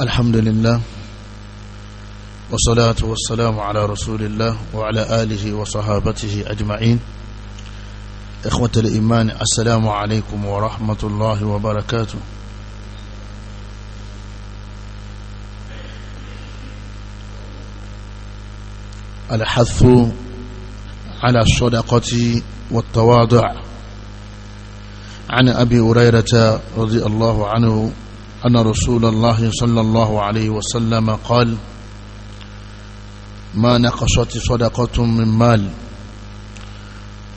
الحمد لله والصلاة والسلام على رسول الله وعلى آله وصحابته أجمعين إخوة الإيمان السلام عليكم ورحمة الله وبركاته الحث على الصدقة والتواضع عن أبي هريرة رضي الله عنه أن رسول الله صلى الله عليه وسلم قال ما نقصت صدقة من مال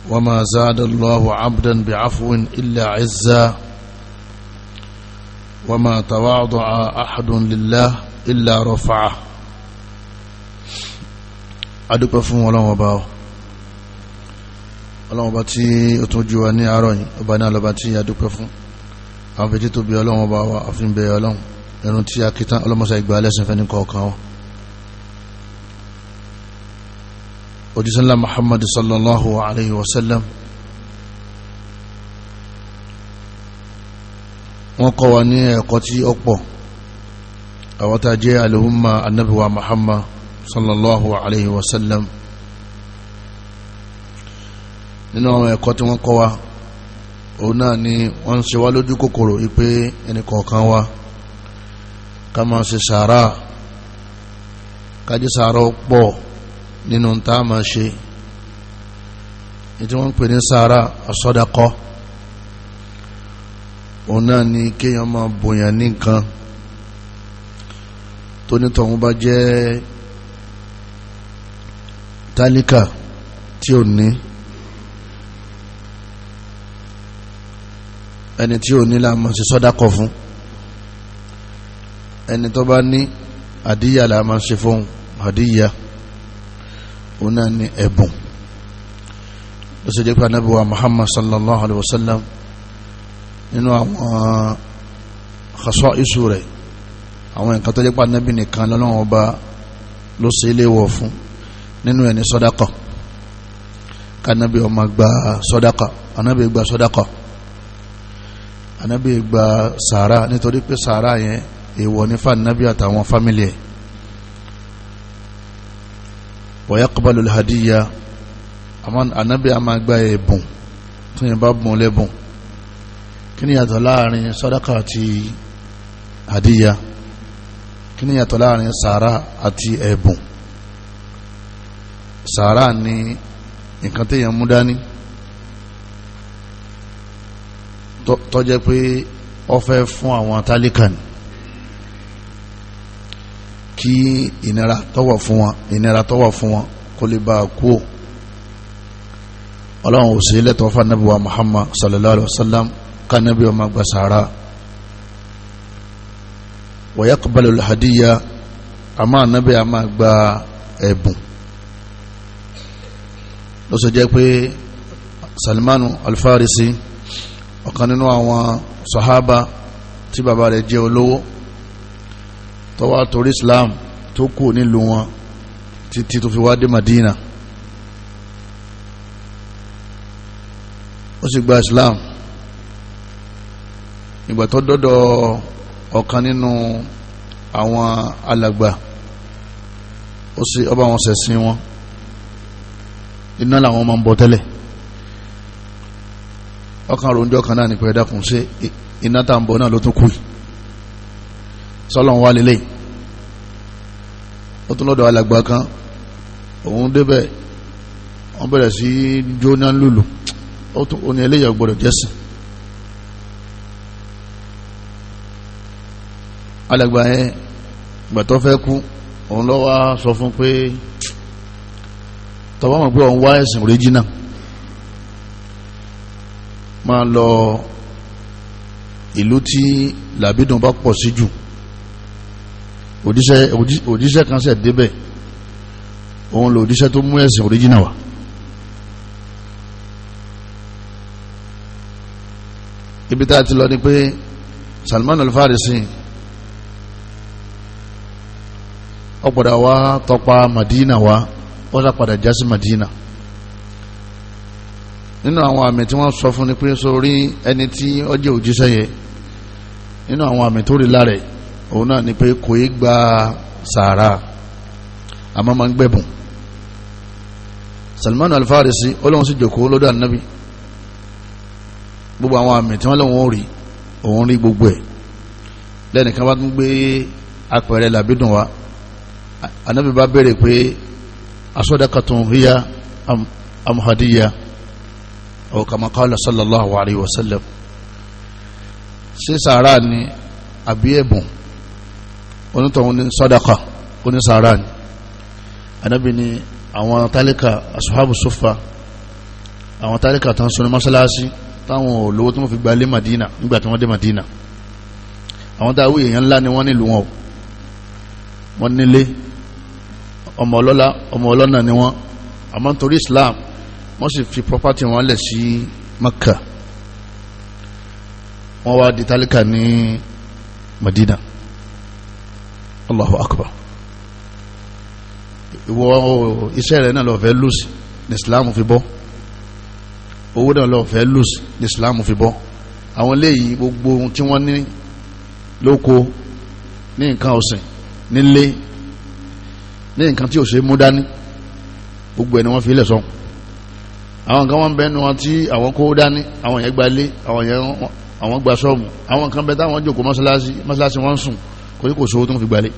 وما زاد الله عبدا بعفو إلا عزا وما تواضع أحد لله إلا رفعه adúpẹ́ fún ọlọ́run ọba ọlọ́run ọba tí ó tún jú wa ní àárọ̀ yìí ọba náà lọ́ba tí adúpẹ́ fún àfẹ́jì tó bí ọlọ́run bá wa àfin bẹ ọlọ́run ẹ̀rùn tí a kí tán ọlọ́mọsá ìgbà alẹ́sìn fẹ́ ní kọ̀ọ̀kan wọn òjísánlá muhammadu sallallahu alaihi wasallam wọ́n kọ́ wa ní ẹ̀kọ́ tí ó pọ̀ àwọn jẹ́ alùhùnmá annabiwa muhammad sallallahu alaihi wasallam nínú àwọn ẹ̀kọ́ tí wọ́n kọ́ wa òun náà ni wọ́n ń ṣe wá lójú kòkòrò wípé ẹnìkọ̀ọ̀kan wa ká máa ṣe sàárà kájí sàárà pọ̀ nínú tá a máa ṣe ètí wọ́n ń pè ní sàárà àsọdakọ́ òun náà ni kéèyàn máa bòyàn ní nǹkan bá jẹ́ tálíkà tí ò ní. ẹni tí ò ní la máa ṣe sọ́dá kọ fún ẹni tó bá ní àdíyà la máa ṣe fún àdíyà òun náà ní ẹ̀bùn ó sì jẹ́ pé anábíwá Muhammad sallallahu alayhi wa sallam nínú àwọn xasọ́ isu rẹ̀ àwọn nǹkan tó jẹ́ pé anábì nìkan lọ́lọ́wọ́ ọba ló ṣe é léwọ̀ fún nínú ẹni sọ́dákọ̀ kánábì ó máa gba sọ́dákọ̀ anábì gba sọ́dákọ̀ anábì gba sàárà nítorí pé sàárà yẹn èèwọ̀ ní fàánábì àtàwọn fámílì ẹ̀ wa yaqbalu al-hadiyya anábì a máa gba ẹ̀bùn tó yẹn bá bùn lẹ́bùn kí ni yàtọ̀ láàrin sàdákà àti hadiyya kí ni yàtọ̀ láàrin sàárà àti ẹ̀bùn sàárà ni nǹkan téèyàn mú dání tó jẹ́ pé ó fẹ́ fún àwọn tálíkà ni kí ìnira tó wà fún wọn ìnira tó wà fún wọn kó lè bá a kú ò ọlọ́run ò sí lẹ́tọ̀ọ́ fún anábì wa Muhammad sallallahu alayhi wa sallam kánábì ọmọ àgbà sàárà wa yaqbalu al-hadiyya àmọ́ anábì àmọ́ àgbà ẹ̀bùn ló pé Salmanu al ọ̀kan nínú àwọn sahaba tí bàbá rẹ̀ jẹ́ olówó tó torí islam tó kù nílùú wọn títí tó fi wá dé madina ó sì gba islam ìgbà tó dọ́dọ̀ ọ̀kan nínú àwọn alàgbà ó sì ọba wọn ṣẹ̀sìn wọn iná làwọn máa ń bọ tẹ́lẹ̀ ọkàn ròǹjọ́ kan náà ní pẹ̀lú ẹ̀dàkùn ṣe iná tá ń bọ̀ náà ló tún kú sọ́lọ́n wá lélẹ̀ ó tún lọ́dọ̀ alàgbà kan òun débẹ̀ wọ́n bẹ̀rẹ̀ sí jóná lùlù ó tún ó eléyà gbọ́dọ̀ jẹ́sìn alàgbà yẹn gbàtọ́ fẹ́ kú òun lọ́wọ́ sọ fún pé tọ́wọ́ mọ̀ pé òun wá ẹ̀sìn original máa lọ ìlú tí làbídùn bá pọ̀ sí jù òdíṣẹ́ òdíṣẹ́ kan sẹ̀ débẹ̀ òun lò òdíṣẹ́ tó mú ẹ̀sìn oríjìnà wá ibi tá a ti lọ ni pé Salman al-Farisi ọ̀pọ̀dà wa tọpa Madina wa ó sá padà já sí Madina nínú àwọn àmì tí wọ́n sọ fún ni pé sórí ẹni tí ó jẹ́ òjíṣẹ́ yẹn nínú àwọn àmì tó rí lára òun náà ni pé kò í gba sàárà àmọ́ máa ń gbẹ̀bùn Salman alfarisi farisi ọlọ́run sì jòkó lọ́dọ̀ ànábì gbogbo àwọn àmì tí wọ́n lọ́wọ́ rí òun rí gbogbo ẹ̀ lẹ́nìkan bá tún gbé apẹ̀rẹ̀ làbídùn wa ànábì bá béèrè pé asọ́dẹ́kàtún híyá amhadiya am أو كما قال صلى الله عليه وسلم ṣé sàárà ni àbí ẹ̀bùn onítọ̀hún ní sàdákà oní sàárà ni anábì ni àwọn tálíkà asuhabu sofa àwọn tálíkà tán sọ ní mọ́sálásí táwọn olówó tó fi gbalé Madina nígbà tí wọ́n dé Madina àwọn táwọn èèyàn ńlá ni wọ́n nílùú wọn wọ́n nílé ọmọ ọlọ́lá ọmọ ọlọ́nà ni wọ́n àmọ́ nítorí Islam wọ́n sì fi property wọn lẹ̀ sí Maka wọ́n wá di tálíkà ní Madina Allahu Akbar ìwọ iṣẹ́ rẹ̀ náà lọ fẹ́ lùsì ní Islam fi bọ́ owó náà lọ fẹ́ lùsì ní Islam fi bọ́ àwọn eléyìí gbogbo ohun tí wọ́n ní lóko ní nǹkan ọ̀sìn nílé ní nǹkan tí ò ṣe mú dání gbogbo ẹ̀ ni wọ́n fi lẹ̀ sọ́hùn àwọn kan wọ́n bẹ́nu wọn tí àwọn kó dání àwọn yẹn gba ilé àwọn yẹn àwọn gba sọ́ọ̀mù àwọn kan bẹ táwọn jòkó mọ́sálásí mọ́sálásí wọ́n sùn kò ní kò sówó tó ń fi gbalé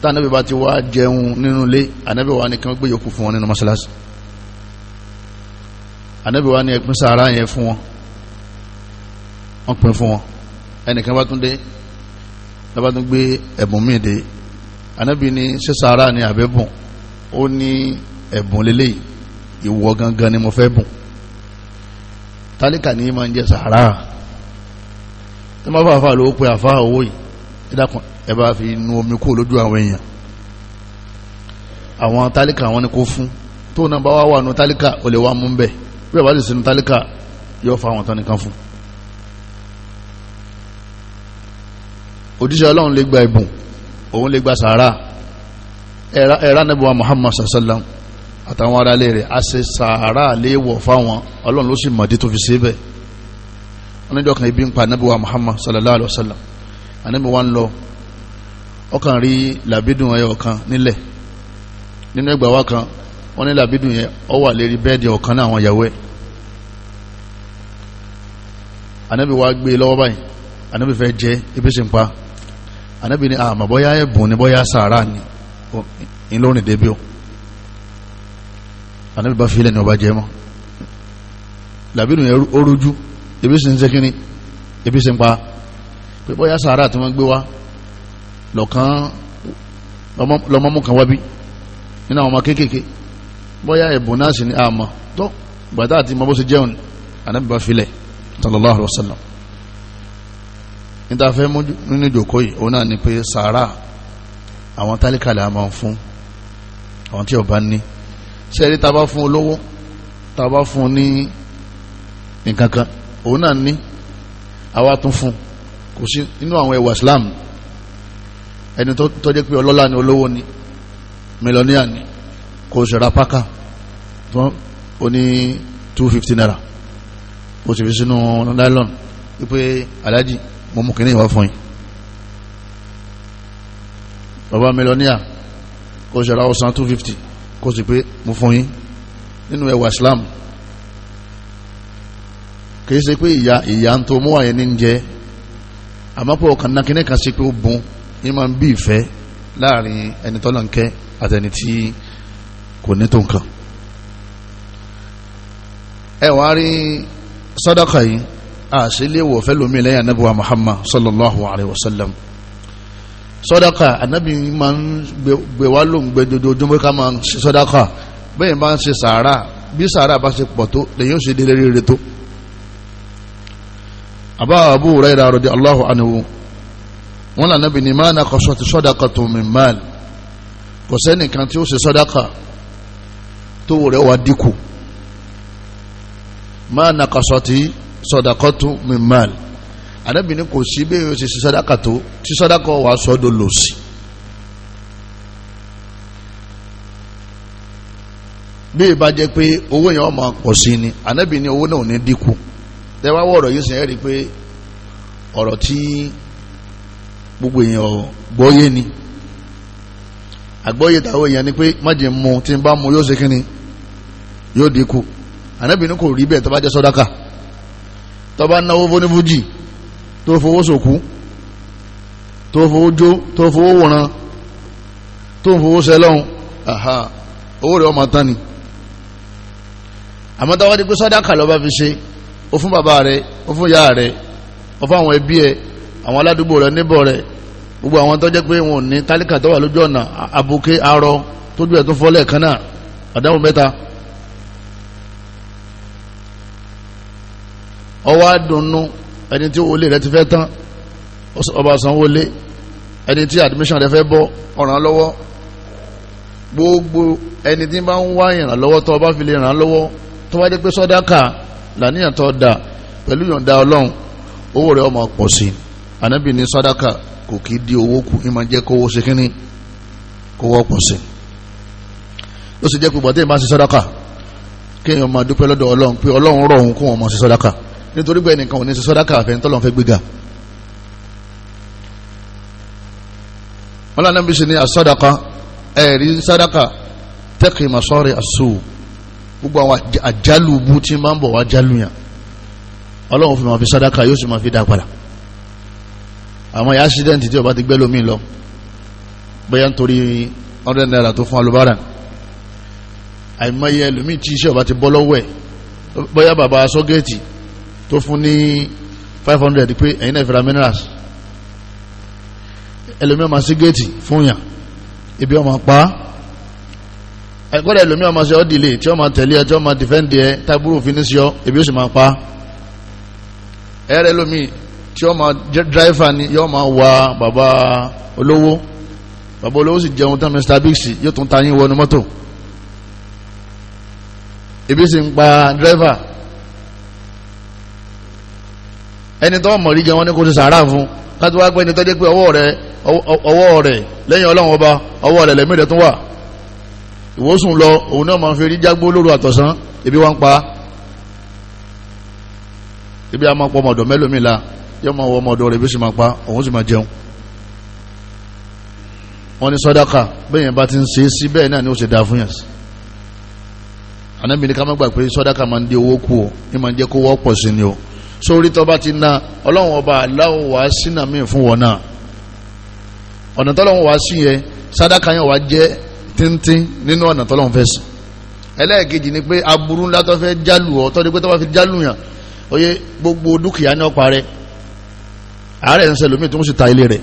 tá ànábì bá ti wá jẹun nínú ilé ànábì wa ní kan gbé yòókù fún wọn nínú mọ́sálásí ànábì wa ní ẹ̀pín sàárà yẹn fún wọn wọ́n pín fún wọn ẹnìkan bá tún dé lọ́ba tún gbé ẹ̀bùn míì dé ànábì ní ṣé ni àbẹ́bùn ó ní ẹ̀bùn lélẹ́yìí ìwọ gangan ni mo fẹ́ bùn tálíkà ní máa ń jẹ sàárà tí wọ́n bá fà lówó pé àfá owó yìí ìdákun ẹ bá fi nu omi kó lójú àwọn èèyàn àwọn tálíkà wọn ni kó fún tó náà bá wà wà nu tálíkà ò lè wà mú bẹ́ẹ̀ bí ẹ̀ bá lè sinú tálíkà yóò fa àwọn tán nìkan fún òjíṣẹ́ ọlọ́run lè gba ìbùn òun lè gba sàárà ẹ̀rá nẹ́bùwà Muhammad sallallahu àtàwọn aráalé rẹ̀ a ṣe sàárà léèwọ̀ fáwọn ọlọ́run ló sì mọ̀dí tó fi ṣe bẹ́ẹ̀ wọn níjọ́ ibi ń pa anábì Muhammad sallallahu alayhi wa sallam anábì wa ń lọ ọkàn rí làbídùn ẹyọ kan nílẹ̀ nínú ẹgbàá wa kan wọn ní làbídùn yẹn ọ wà lérí bẹ́ẹ̀dì ọ̀kan náà àwọn ìyàwó ẹ̀ anábì wa gbé e lọ́wọ́ báyìí anábì fẹ́ jẹ ebi sì ń pa anábì ní àmọ́ bọ́yá ẹ̀bùn ni bọ́yá sàárà ni ìlọrin débi o ànábì bá filẹ̀ ní ọba jẹ́ mọ́ làbínú yẹn ó rújú ebi sì ń ṣe kínní ebi sì ń pa pé bóyá sàárà tí wọ́n gbé wá lọ́kàn lọ́mọ́mú kan wá bí nínú àwọn ọmọ kéékèèké bóyá ẹ̀bùn náà sì ní àmọ́ tó gbàtà àti mọ́ bó ṣe jẹun ànábì bá filẹ̀ sallallahu alaihi wasallam níta fẹ́ mú nínú ìjòkó yìí òun náà ni pé sàárà àwọn tálíkàlẹ̀ a máa ń fún àwọn tí ọba ní sẹ́rí tá a bá fún olówó tá a bá fún ní nǹkan kan òun náà ní àwa tún fún kò sí nínú àwọn ẹwà Islam ẹni tó jẹ́ pé ọlọ́lá ni olówó ni mílíọ̀nìyà ni kò sì ra pákà ó ní two fifty naira ó sì fi sínú nylon wípé aláàjì mo mú kíní ìwà fún yín bàbá mílíọ̀nìyà kò sì ra ọ̀sán two fifty kó sì pé mo fún yín nínú ẹwà Islam kì í ṣe pé ìyá ìyá ń tó mú àyè ní jẹ àmọ́pọ̀ ọkàn náà kíní kan sí pé ó bun ní máa ń bí ìfẹ́ láàrin ẹni tọ́lọ̀ ń kẹ́ àtẹni tí kò ní tó nǹkan ẹ wàá rí sàdákà yìí àṣìléwọ̀ fẹ́lómi lẹ́yìn anábùwà Muhammad sallallahu alayhi wa sallam sọ́dáka ànábì máa ń gbé wá ló ń gbé dojoojúmọ́ ká máa ń ṣe sọ́dáka bẹ́ẹ̀ máa ń ṣe sàárà bí sàárà bá ṣe pọ̀ tó lèyìn ó ṣe délé rere tó. àbá àbú rẹ́ra rọ̀dí Allahu anhu wọn là nábì ní máa ń akọ̀ṣọ́ ti sọ́dáka tó min mal kò sẹ́nìkan tí ó ṣe sọ́dáka tó rẹ̀ wá dínkù máa ń akọ̀ṣọ́ ti sọ́dáka tó min mal ànábì ní kò sí bí o ṣe ṣe sàdákà tó tí sàdákà wà sọ́dọ̀ lò sí. bí ìbá jẹ́ pé owó yẹn wọ́n máa pọ̀ sí ni ànábì owó náà ò ní dínkù tẹ́ wá ọ̀rọ̀ yìí sìn ẹ́ rí i pé ọ̀rọ̀ tí gbogbo èèyàn gbọ́yé ni àgbọ́yé tàwọn èèyàn ni pé májè mu tí n bá mu yóò ṣe kínni yóò dínkù ànábì ní kò rí bẹ́ẹ̀ tó jẹ́ sàdákà tó náwó fónífújì tó fowó sòkú tó fowó jó tó fowó wòran tó fowó sẹlọ́hún aha owó rẹ̀ ọmọ tán ni àmọ́ táwọn ti pé sàdáká lọ́ba fi ṣe ó fún bàbá rẹ̀ ó fún ìyá rẹ̀ ó fún àwọn ẹbí ẹ̀ àwọn aládùúgbò rẹ̀ níbọ̀ rẹ̀ gbogbo àwọn tó jẹ́ pé wọn ò ní tálíkà tó wà lójú ọ̀nà àbùké arọ tójú ẹ̀ tó fọ́ lẹ́ẹ̀kan náà àdáwò mẹ́ta. ọwọ́ àdùnnú ẹni tí owó lé rẹ ti fẹ́ tán ọba sanwó lé ẹni tí admission rẹ fẹ́ bọ́ ọ̀ràn lọ́wọ́ gbogbo ẹni tí bá ń wá ìrànlọ́wọ́ tó bá fi lè ràn án lọ́wọ́ tó bá dé pé sọ́dáka làníyàn tó da pẹ̀lú yọ̀ǹda ọlọ́run owó rẹ̀ ọmọ pọ̀ sí ànábì ní sọ́dáka kò kí di owó kù ìmọ̀ jẹ́ kówó ṣe kínní kówó pọ̀ sí ó sì jẹ́ pé bọ̀dé máa ṣe sọ́dáka kéèyàn máa dúpẹ́ lọ́dọ̀ ọlọ́run pé ọlọ́run rọ̀ òun kó wọn máa ṣe sọ́dáka nítorí pé ẹnìkan ò ní sísọ́dá káàfẹ́ tọ́lọ́n fẹ́ gbéga wọn lànà bí sì ní asọ́dàkà ẹ̀rí sádàkà tẹ́kì masọ́rì àṣù gbogbo àwọn àjálù bú tí máa ń bọ̀ wá jálù yàn ọlọ́run fi máa fi sádàkà yóò sì máa fi dá padà àwọn ìyá accident tí ó bá ti gbẹ́ lómi lọ bóyá nítorí hundred naira tó fún alubára àìmọye ẹlòmíì tí iṣẹ́ ó bá ti bọ́ lọ́wọ́ ẹ̀ bóyá bàbá sọ́gẹ́ẹ̀tì tó fún ní five hundred pé ẹ̀yin náà fẹ́ra minerals ẹlòmíọ́ máa sí géètì fún yàn ibi ọmọ pa ẹgbọ́dọ̀ ẹlòmíọ́ máa ṣe ọ́ dìlé tí ó máa tẹ̀lé ẹ tí ó máa dìfẹ́ǹdì ẹ tábúrò òfin ní sí ọ ibi ó sì máa pa ẹ̀rẹ́ ẹlòmíì tí ó máa dráìfà ni yóò máa wa bàbá olówó bàbá olówó sì jẹun tán Mr Biggs yóò tún ta yín wọnú mọ́tò ibi sì ń pa dráìfà ẹni tó mọ̀ rí gan wọn ní kó ti sàárà fún káti wá pé ẹni tó dé pé ọwọ́ rẹ ọwọ́ rẹ lẹ́yìn ọlọ́run ọba ọwọ́ rẹ lẹ́mí rẹ tún wà ìwòsùn lọ òun náà máa fi rí jágbó lóru àtọ̀sán ibi wọn pa ibi àwọn ọmọ ọdọ mẹlòmí la yóò máa wọ ọmọ ọdọ rẹ bí ó sì máa pa òun sì máa jẹun wọn ní sọdáka bẹ́ẹ̀ bá ti ń ṣe é sí bẹ́ẹ̀ náà ni ó ṣe dáa fún yàn sí anábìnrin ká má gbà pé sọdáka máa ń di owó kú o ní máa ń jẹ́ kó wọ́pọ̀ sí ni o sórí tó ti na ọlọ́run ọba aláwọ̀ wá sínà míì fún wọn náà ọ̀nà tọ́lọ́run wá sí yẹn sádàkà yẹn wá jẹ́ tíntín nínú ọ̀nà tọ́lọ́run fẹ́ sí ẹlẹ́ẹ̀kejì ni pé aburú ńlá tó fẹ́ jálù ọ tọ́ni pé tó fi jálù yàn oye gbogbo dúkìá ní ọ̀pá rẹ ààrẹ ń sẹlómi tó ń sì ta ilé rẹ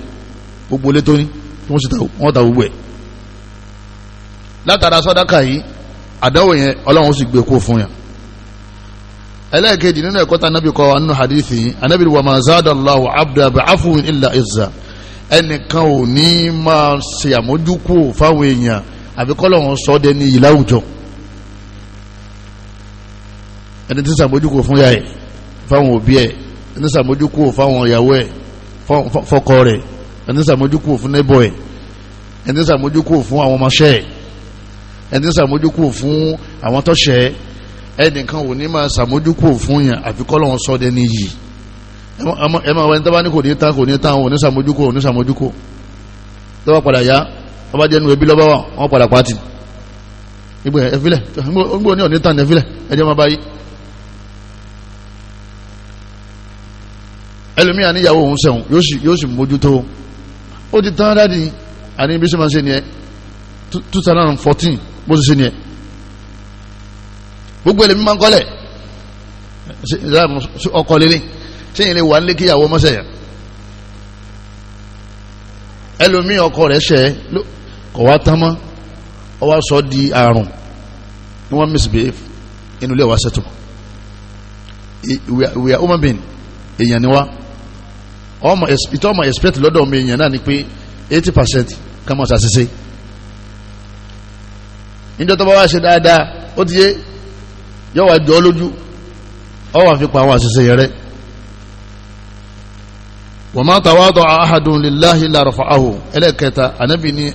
gbogbo ilé tó ní tó ń sì ta wọn ta gbogbo ẹ látara sádàkà yìí àdáwò yẹn ọlọ́run sì gbé kó fún yàn ẹlẹ́ẹ̀kejì nínú ẹ̀kọ́ tá anábì kọ́ anú hadithi anábì wà máa záàdà Allahu abdá bàáfùn ilà ìzà ẹnìkan ò ní máa ṣe àmójúkú fáwọn èèyàn àbíkọ́lọ̀ wọn sọ ọ́ dẹni ìlà àwùjọ ẹni tí ṣàmójúkú fún yá ẹ fáwọn òbí ẹ ẹni ṣàmójúkú fáwọn ìyàwó ẹ fọkọ rẹ ẹni ṣàmójúkú fún nẹ́bọ̀ ẹ ẹni ṣàmójúkú fún àwọn ọmọọṣẹ́ ẹ ẹni ṣàmójúkú fún àwọn tọ́ṣẹ́ ẹ ẹnìkan ò ní máa ṣàmójúkò fún yàn àfi kọ́lọ́hún sọ́dẹ níyì ẹ máa wẹni tó bá ní kò ní tán kò ní tán ò ní ṣàmójúkò ò ní ṣàmójúkò tó bá padà yá wọ́n bá jẹ́nu ẹbí lọ́bọ̀ wọn padà pàtì ìgbò ẹ̀fílẹ̀ ńgbò ní ò ní tán ẹ̀fílẹ̀ ẹjọ́ máa bá yí. ẹlòmíà níyàwó òun sẹ̀wọ̀n yóò sì mójútó ó ti tán dáàdi àní bí sẹ́wọ̀n ṣe ni ẹ 2014 bó ti ṣe ni ẹ gbogbo ẹlẹ́mí máa ń kọ́lẹ̀ ọkọ̀ lélẹ̀ sẹ́yìn lè wà ń lé kíyàwó mọ́sẹ̀ yẹn ẹlòmí ọkọ rẹ̀ ṣẹ́ kọ̀ wá tán mọ́ ọ wá sọ di àrùn ni wọ́n misbehave inú ilé wa ṣètò we are human being èèyàn ni wá ìtọ́ ọmọ expect lọ́dọ̀ mi èèyàn náà ni pé eighty percent kàmọ́ ṣàṣìṣe níjọ́ tó bá ṣe dáadáa ó ti yé yóò wá jọ lójú ọ wà fi pa àwọn àṣìṣe yẹn rẹ wa ma tawadaa ahadun lillahi la rafa'ahu ẹlẹ́ẹ̀kẹta ànábì ní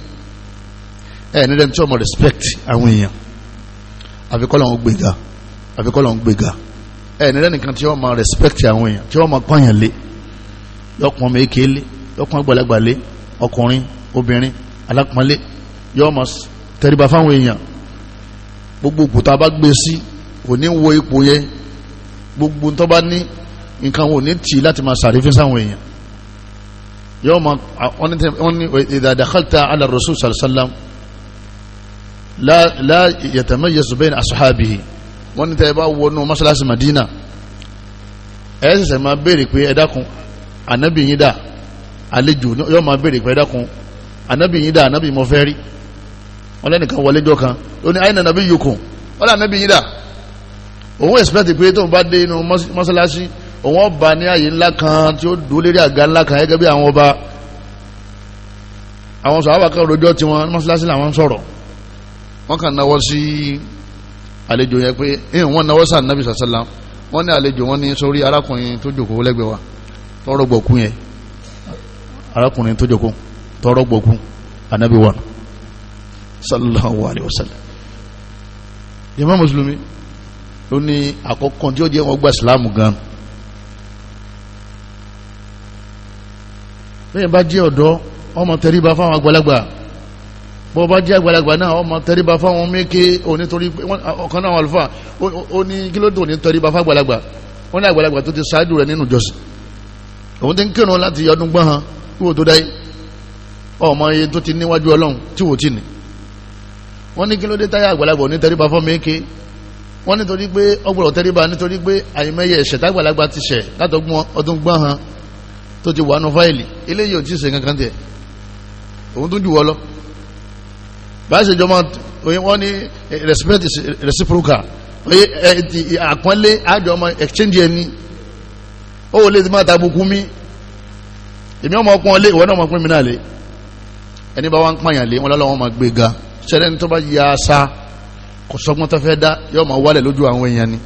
ẹ̀ nílẹ̀ tí ọmọ respect àwọn èèyàn àfikọ́lọ̀ ń gbéga àfikọ́lọ̀ ń gbéga ẹ̀ nílẹ̀ nìkan tí ọmọ respect àwọn èèyàn tí ọmọ pààyàn lé yọkùn ọmọ yọkùn àgbàlagbà ọkùnrin obìnrin alápọ̀nlé yọmọ tẹríba fáwọn èèyàn gbogbo òkúta bá gbé sí kò ní wo ipò yẹn gbogbo tó bá ní nǹkan ò ní tì láti máa sàrífín sáwọn èèyàn yóò máa wọ́n ní idha dakhalta ala rasul sallallahu la yatamayyazu bayna ashabihi wọ́n ní tẹ́ ẹ bá wọnú mọ́ṣáláṣí Madina ẹ ṣẹ̀ṣẹ̀ máa béèrè pé ẹ dákun ànábì yín dà àlejò yóò máa béèrè pé ẹ dákun ànábì yín dà ànábì mo fẹ́ rí wọ́n lẹ́nìkan wọlé jọ kan ó ní àyìnà ànábì yòókùn wọ́n lẹ́ ànábì yín dà òun expect pé tóun bá dé inú mọ́sálásí òun ọba ní àyè ńlá kan tí ó dúró lérí àga ńlá kan gẹ́gẹ́ bí àwọn ọba àwọn sàhábà kan rojọ́ tí wọ́n mọ́sálásí làwọn ń sọ̀rọ̀ wọ́n kàn náwó sí àlejò yẹn pé ẹ̀hìn wọ́n náwó sàn nàbì sàṣálà wọ́n ní àlejò wọ́n ní sórí arákùnrin tó jòkó lẹ́gbẹ̀ẹ́ wa tọrọ gbọ̀kú yẹn arákùnrin tó jòkó tọrọ gbọ̀kú ànábì wa sallallahu alayhi wa sallam yẹn mọ́ mùsùlùmí ló ní àkọ́kọ́ tí ó jẹ́ wọn gba ìsìláàmù gan lẹ́yìn bá jẹ́ ọ̀dọ́ ọmọ tẹríba fáwọn àgbàlagbà bọ́ bá jẹ́ àgbàlagbà náà ọmọ tẹríba fáwọn méke onítorí ọ̀kan náà àlùfà ó ní kí ló dé òní tẹríba fáwọn àgbàlagbà wọ́n ní àgbàlagbà tó ti ṣáájú rẹ̀ nínú ìjọsìn òun ti ń kírun láti ọdún gbọ́n han kúrò tó dáyé ọmọ iye tó ti níwájú ọlọ́run tí wò tí ni wọ́n ní kí ló dé táyà àgbàlagbà òní tẹríba fọ́ méke wọ́n nítorí pé ọgbọ̀rọ̀ tẹ́ríba nítorí pé àìmẹ́yẹ ẹ̀ṣẹ̀ tágbàlagbà ti ṣẹ̀ látọgbọ́n ọdún gbọ́n han tó ti wà nù fáìlì eléyìí ò tí ṣe kankan tiẹ̀ òun tún jù wọ́ lọ bá ṣe jọmọ wọ́n ní respect is reciprocal oye ẹ ti àpọ́nlé àjọ ọmọ exchange ẹni ó wọlé ti máa ta bukú mi èmi ọmọ ọpọ́n lé ìwọ náà ọmọ ọpọ́n mi náà lé ẹni bá wá ń pààyàn lé wọn lọ́wọ́ kò sọgbọ́n tó fẹ́ dá yóò máa wálẹ̀ lójú àwọn èèyàn ni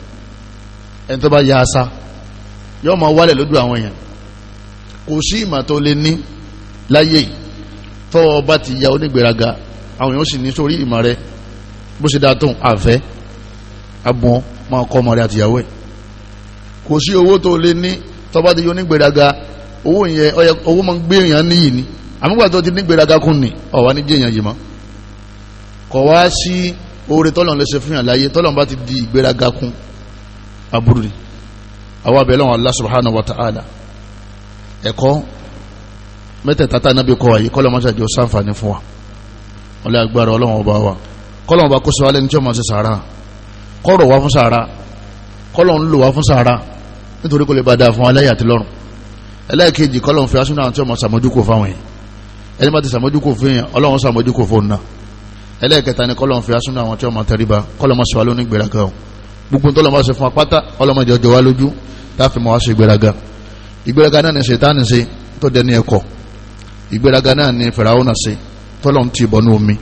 ẹni tó bá ya asa yóò máa wálẹ̀ lójú àwọn èèyàn kò sí ìmọ̀ tó lè ní láyé yìí tó o bá ti ya onígbèraga àwọn èèyàn sì ní sórí ìmọ̀ rẹ bó ṣe dáa tó àfẹ́ abùn máa kọ́ ọmọ rẹ àtìyàwó ẹ̀ kò sí owó tó lè ní tó bá ti ya onígbèraga owó yẹn owó máa ń gbé èèyàn níyì ni àmúgbà tó ti nígbèraga kún ni ọ̀wá ní jẹ́ èèyàn yìí mọ́ kọ̀ wá sí. Si, oore tọ́lọ̀ lè ṣe fún yàn láyé tọ́lọ̀ bá ti di ìgbéraga kún aburú ni àwa bẹ̀rẹ̀ wọn Allah subhanahu wa ta'ala ẹ̀kọ́ mẹ́tẹ̀ẹ̀ta tá nábì kọ́ wáyé kọ́lọ́ máa ṣàjọ sáǹfààní fún wa wọn lé agbára ọlọ́wọ́n ọba wa kọ́lọ́ ọba kó sọ́wálé ní tí wọ́n máa ṣe sàárà kọ́rọ̀ wá fún sàárà kọ́lọ́ ń lò wá fún sàárà nítorí kò lè bá dáa fún wa lẹ́yìn àti lọ́rùn ẹlẹ́ẹ̀kejì kọ́lọ́ ń fi asúnà àti ọmọ sàmójúkò fáwọn yẹn ẹni bá ti sàmójúkò fún yẹn ọlọ́run sàmójúkò fún náà ẹlẹ́ẹ̀kẹta ni kọ́lọ̀ fi asúnú àwọn tí ọmọ tẹríba kọ́lọ̀ mọ́ sí wa lónìí gbéraga o gbogbo tó lọ́ mọ́ sí fún apáta ọlọ́mọ jọjọ wa lójú táfi mọ́ wá sí gbéraga ìgbéraga náà ni ṣètánì ṣe tó dẹni ẹ̀kọ́ ìgbéraga náà ni fìràwọ́nà ṣe tọ́lọ̀ ń ti bọ̀ ní omi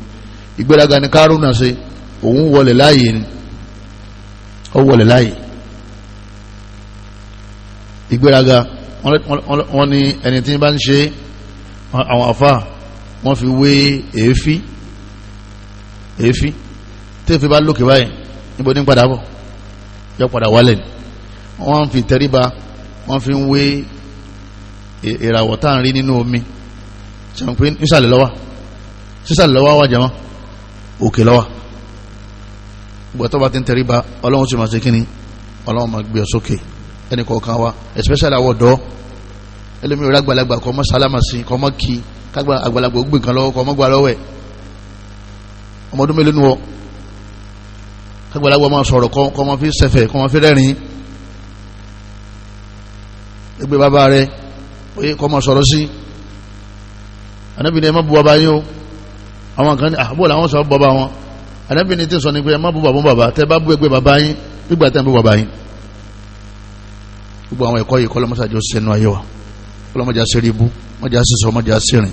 ìgbéraga ni kárùnà ṣe òun wọlé láàyè ni ó wọlé láàyè ìgbéraga wọ́n ní ẹni tí bá ń ṣe àwọn àfa wọ́n fi wé èéfín èéfín téèfì bá lókè báyìí níbo ní padà bọ̀ yọ padà wálẹ̀ ni wọ́n fi tẹríba wọ́n fi ń wé ìràwọ̀ tá à ń rí nínú omi ṣàǹpé nísàlẹ̀ lọ́wọ́ sísàlẹ̀ lọ́wọ́ wà jẹ́mọ́ òkè lọ́wọ́ gbọ́tọ́ bá ti ń tẹríba ọlọ́run sì máa ṣe kíni ọlọ́run máa gbé ọ sókè ẹnì kọ̀ọ̀kan wa especially àwọ̀ dọ́ ẹlẹ́mi ò rí àgbàlagbà kọ́ mọ́ sálámà sí kọ́ mọ́ kí kágbà àgbàlagbà ó gbìn kan lọ́wọ́ kọ́ mọ́ gbà lọ́wọ́ ẹ̀ ọmọ ọdún mélòó ni wọ kágbàlagbà máa sọ̀rọ̀ kọ́ máa fi sẹ̀fẹ̀ kọ́ máa fi rẹ́rìn ẹgbẹ́ bàbá rẹ oye kọ́ máa sọ̀rọ̀ sí anábì ni ẹ má bu bàbá yín o àwọn kan ní àbúrò ah, làwọn sọ bàbá wọn anábì ni tí sọ ni pé ẹ má bu bàbá bàbá tẹ bá bu ẹgbẹ́ bàbá yín nígbà tẹ ń bu bàbá yín gbogbo àwọn ẹ̀kọ́ yìí kọ́ lọ́mọ́sàjọ́ sẹ́nu ayé wa kọ́ lọ́mọ́jà sẹ́rí ibú mọ́jà sísọ mọ́jà sẹ́rìn